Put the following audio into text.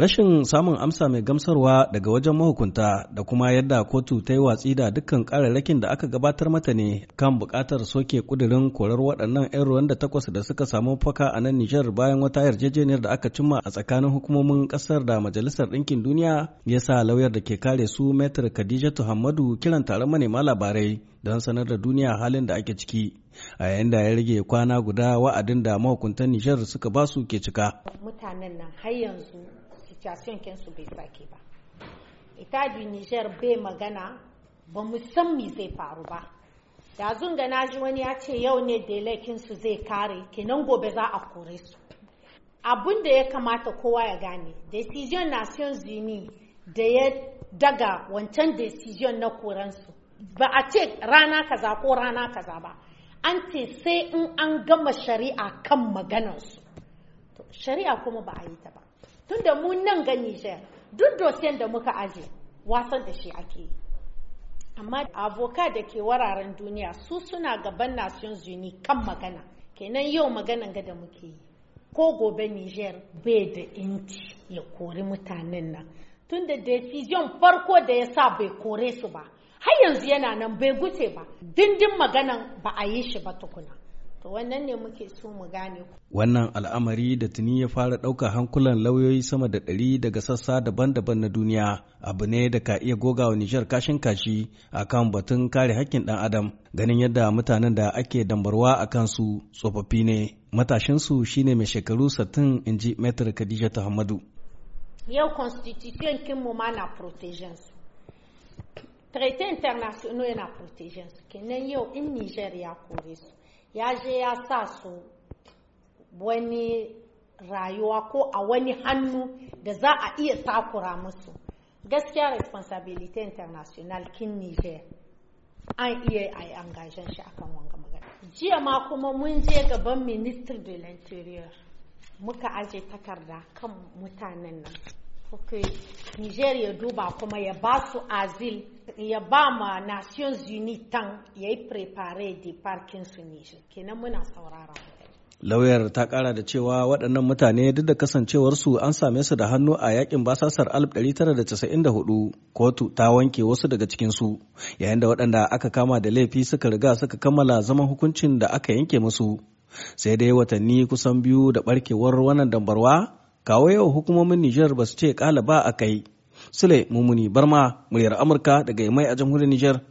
Rashin samun amsa mai gamsarwa daga wajen mahukunta da kuma yadda kotu ta yi watsi da dukkan kararrakin da aka gabatar mata ne kan buƙatar soke kudirin korar waɗannan 'yan ruwan da takwas da suka samu faka a nan Nijar bayan wata yarjejeniyar da aka cimma a tsakanin hukumomin ƙasar da Majalisar Ɗinkin Duniya ya sa lauyar da ke kare su Metar Khadijatu Hamadu kiran taron manema labarai don sanar da duniya halin da ake ciki a yayin da ya rage kwana guda wa'adin da mahukuntan Nijar suka basu ke cika. Mutanen har yanzu situation kinsu bai sake ba itadi niger bai magana ba mu san me zai faru ba da zunga na ji wani ya ce yau ne da su zai kare kenan gobe za a kore su abun da ya kamata kowa ya gane decision nations zini da ya daga wancan decision na koransu ba a ce rana kaza ko rana kaza ba an ce sai in an gama shari'a kan maganarsu shari'a kuma ba a yi ta ba tunda mu nan ga Nijar duk dosiyan da muka aje wasan da shi ake yi amma abokan da ke wararen duniya su suna gaban nations uni kan magana kenan yau maganan ga da muke yi ko gobe Nijar bai da inci ya kori mutanen nan tun da decision farko da ya sa bai kore su ba har yanzu yana nan bai gute ba dindin maganan ba a yi shi ba tukuna to wannan ne muke so mu gane wannan al'amari da tuni ya fara ɗaukar hankulan lauyoyi sama da ɗari daga sassa daban-daban na duniya abu ne da ka iya goga wa nijar kashin kashi a kan batun kare haƙƙin ɗan adam ganin yadda mutanen da ake dambarwa a kansu tsofaffi ne matashinsu shine mai shekaru satin inji ji kadija khadija hamadu yau constitution kinmu ma na protection su traité international yana protection su kenan yau in niger ya kore su ya je ya sa su wani rayuwa ko a wani hannu da za a iya takura musu gaskiya responsibility international kin niger an iya a yi angajen shi akan wanga magana jiya ma kuma mun je gaban minister de l'interior muka aje takarda kan mutanen nan okay. Niger ya duba kuma ya ba su azil ya ba ma Nations unitan tan ya yi prepare da parking su Niger kenan muna saurara lauyar ta kara da cewa waɗannan mutane duk da kasancewarsu an same su da hannu a yakin basasar 1994 kotu ta wanke wasu daga cikinsu yayin da waɗanda aka kama da laifi suka riga suka kammala zaman hukuncin da aka yanke musu sai dai watanni kusan biyu da barkewar wannan dambarwa kawo yau hukumomin Nijar ba su ce kala ba a kai. Sule Mumuni Barma, muryar Amurka daga mai a jamhuriyar Nijar.